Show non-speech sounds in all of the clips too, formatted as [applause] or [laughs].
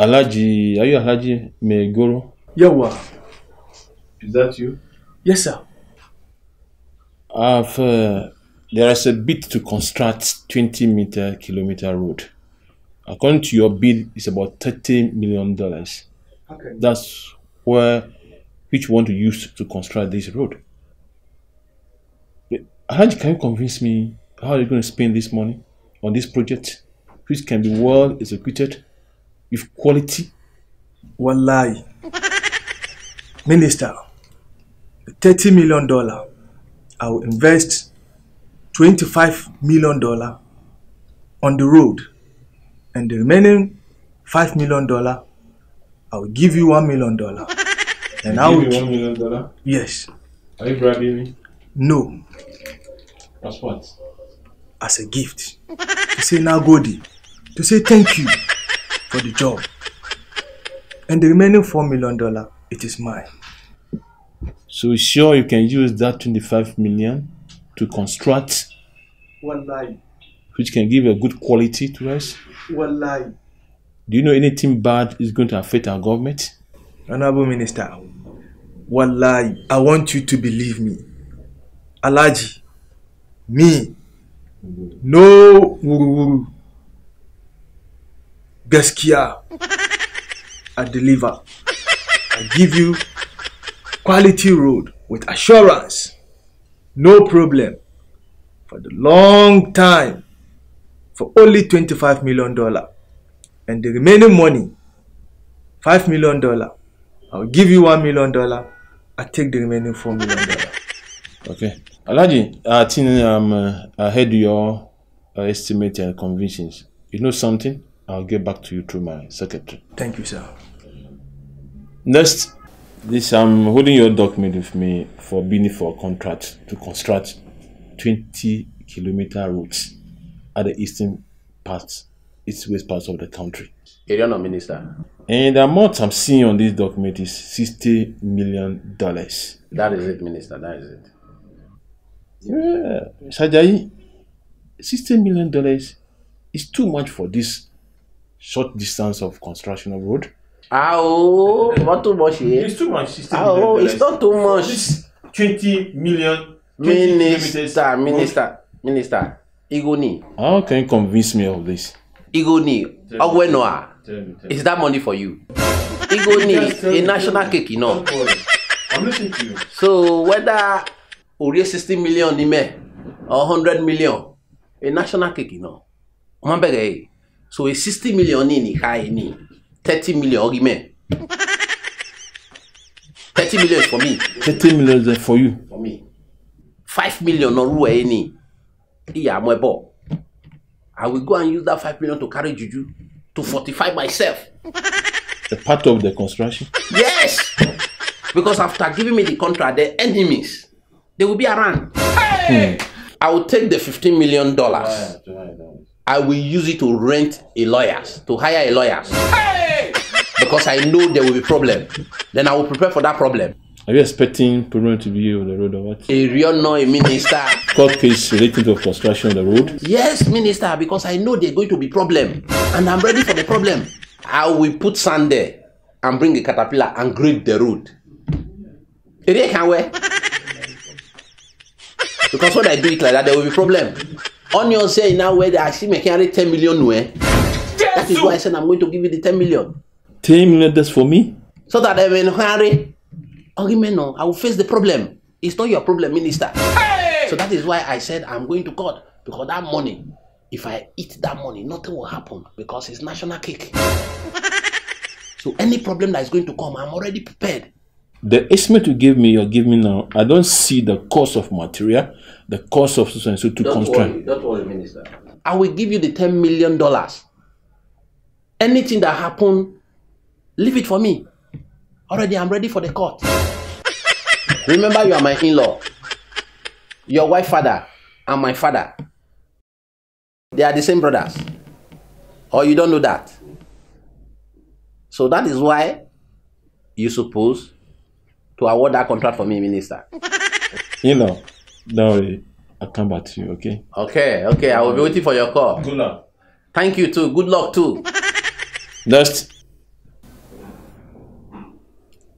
Alaji, are you Alaji Megoro? Yawa. Is that you? Yes, sir. I've, uh, there is a bid to construct 20 meter kilometer road. According to your bid, it's about 30 million dollars. Okay. That's where which one to use to construct this road. Alaji, can you convince me how are you going to spend this money on this project, which can be well executed with quality. Wallahi. Minister, $30 million. I will invest $25 million on the road. And the remaining $5 million, I will give you $1 million. [laughs] And you I will. Give you $1 million? Yes. Are you bribing me? No. As what? As a gift. to say now Nagodi. To say thank you. [laughs] for the job. And the remaining $4 million, it is mine. So sure you can use that 25 million to construct one line which can give a good quality to us? One line. Do you know anything bad is going to affect our government? Honorable Minister, one lie. I want you to believe me. Alaji, me, no Gaskiya, I deliver. I give you quality road with assurance. No problem. For the long time. For only $25 million. And the remaining money, $5 million. I'll give you $1 million. I take the remaining $4 million. Okay. Alaji, I think um, uh, I heard your uh, estimate and convictions. You know something? I'll get back to you through my secretary. Thank you, sir. Next, this I'm holding your document with me for bidding for a contract to construct 20 kilometer routes at the eastern parts, east west parts of the country. Area no minister. And the amount I'm seeing on this document is 60 million dollars. That is it, minister. That is it. Yeah, Sajai, 60 million dollars is too much for this short distance of construction of road. How? Ah, oh, not too much here. Eh? It's too much. Ah How? Oh, it's not too much. This 20 million. 20 minister, minister, minister. Igoni. How can you convince me of this? Igoni, Ogwenoa. Ah. Is that money for you? Igoni, a national cake, you know. I'm listening to you. So whether Orie 60 million ni or 100 million, a national cake, you know. Ọmọ bẹ̀rẹ̀ eh? so e 60 million ni ni ha ni 30 million ori me 30 million is for me 30 million is for you for me 5 million oru e ni iya mo ebo i will go and use that 5 million to carry juju to fortify myself a part of the construction yes because after giving me the contract the enemies they will be around hey! hmm. i will take the 15 million dollars I will use it to rent a lawyer, to hire a lawyer. Hey! Because I know there will be problem. Then I will prepare for that problem. Are you expecting problem to be on the road or what? A real no, a minister. [laughs] Court case relating to construction on the road? Yes, minister, because I know there's going to be problem. And I'm ready for the problem. I will put sand there and bring a caterpillar and grade the road. Because when I do it like that, there will be problem. onion say now where I see me carry ten million eh? That is why I said I'm going to give you the ten million. Ten million that's for me? So that I when Harry argument no, I will face the problem. It's not your problem, minister. So that is why I said I'm going to court because that money, if I eat that money, nothing will happen because it's national cake. so any problem that is going to come, I'm already prepared. the estimate you give me, you're giving me now, I don't see the cost of material, the cost of so and so to don't construct. Worry, don't worry, Minister. I will give you the ten million dollars. Anything that happen, leave it for me. Already, I'm ready for the court. [laughs] Remember, you are my in-law. Your wife father and my father. They are the same brothers. Or you don't know that. So that is why you suppose to award that contract for me, Minister. [laughs] you know, don't worry. I'll come back to you, okay? Okay, okay. I will be waiting for your call. Good luck. Thank you too. Good luck too. Just [laughs]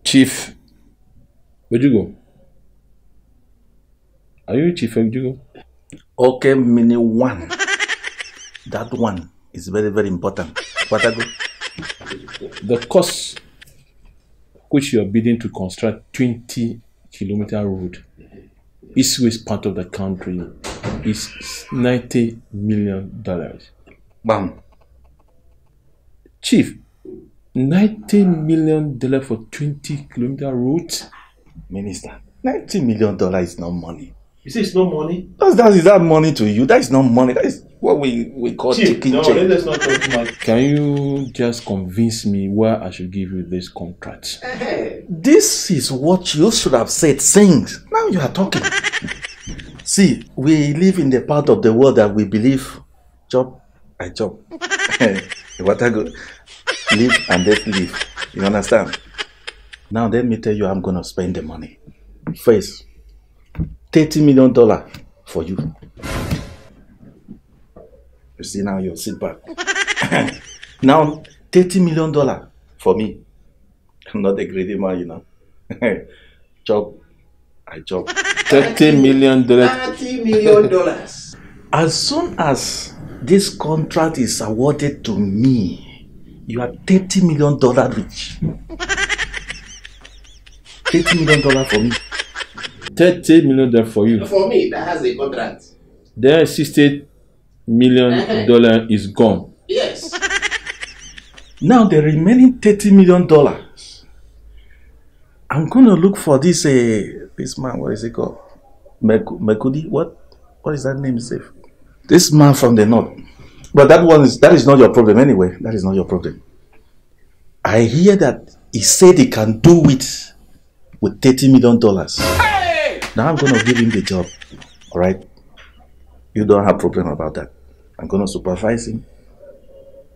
Chief you go? Are you Chief you go? Okay, mini one. that one is very, very important. What I go? The cost which you are bidding to construct 20 kilometer road, mm-hmm. east-west part of the country, is 90 million dollars. Bam. Chief, 90 million dollars for 20 kilometer road? Minister, 90 million dollars is not money. You say it's no money? That's, that is that money to you. That is not money. That is what we, we call cheap. taking no, Let's not talk money. Can you just convince me why I should give you this contract? [laughs] this is what you should have said since. Now you are talking. [laughs] See, we live in the part of the world that we believe job I job. What [laughs] I go live and let live. You understand? Now let me tell you I'm gonna spend the money. First, thirty million dollar for you. You see now you sit back. [laughs] now thirty million dollar for me. I'm not a greedy man, you know. [laughs] job, I job. Thirty million dollars. Thirty million dollars. as soon as this contract is awarded to me, you are thirty million dollar rich. [laughs] Thirty million dollar for me. 30 million dollars for you. For me, that has a contract. Then 60 million [laughs] dollars is gone. Yes. Now the remaining 30 million dollars. I'm gonna look for this uh, this man, what is it called? Mekudi? What what is that name safe? This man from the north. But that one is that is not your problem anyway. That is not your problem. I hear that he said he can do it with 30 million dollars. Now I'm going to give him the job. All right? You don't have problem about that. I'm going to supervise him.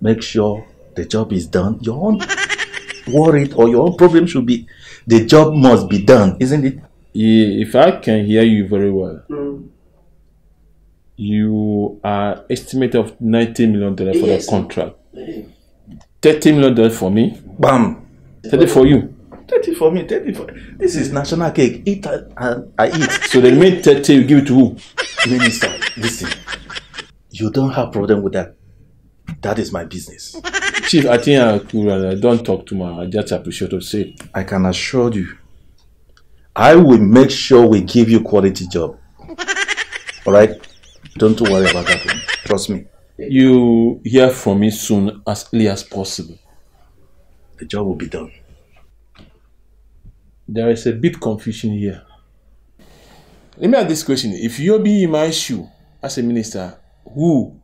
Make sure the job is done. Your own [laughs] worry or your own problem should be the job must be done, isn't it? If I can hear you very well, mm. you are estimated of ninety million dollars for yes. the contract, thirty million dollars for me, bam, thirty for you for me. Take it for This is national cake. Eat and I, I eat. So the main 30, you give it to who? Minister. Listen. You don't have problem with that. That is my business. Chief, I think I uh, don't talk too much. I just appreciate what you say. I can assure you, I will make sure we give you quality job. All right? Don't worry about that. One. Trust me. You hear from me soon as early as possible. The job will be done. there is a bit confusion here. Let me ask this question. If you be in my shoe as a minister, who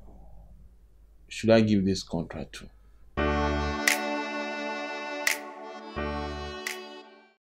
should I give this contract to?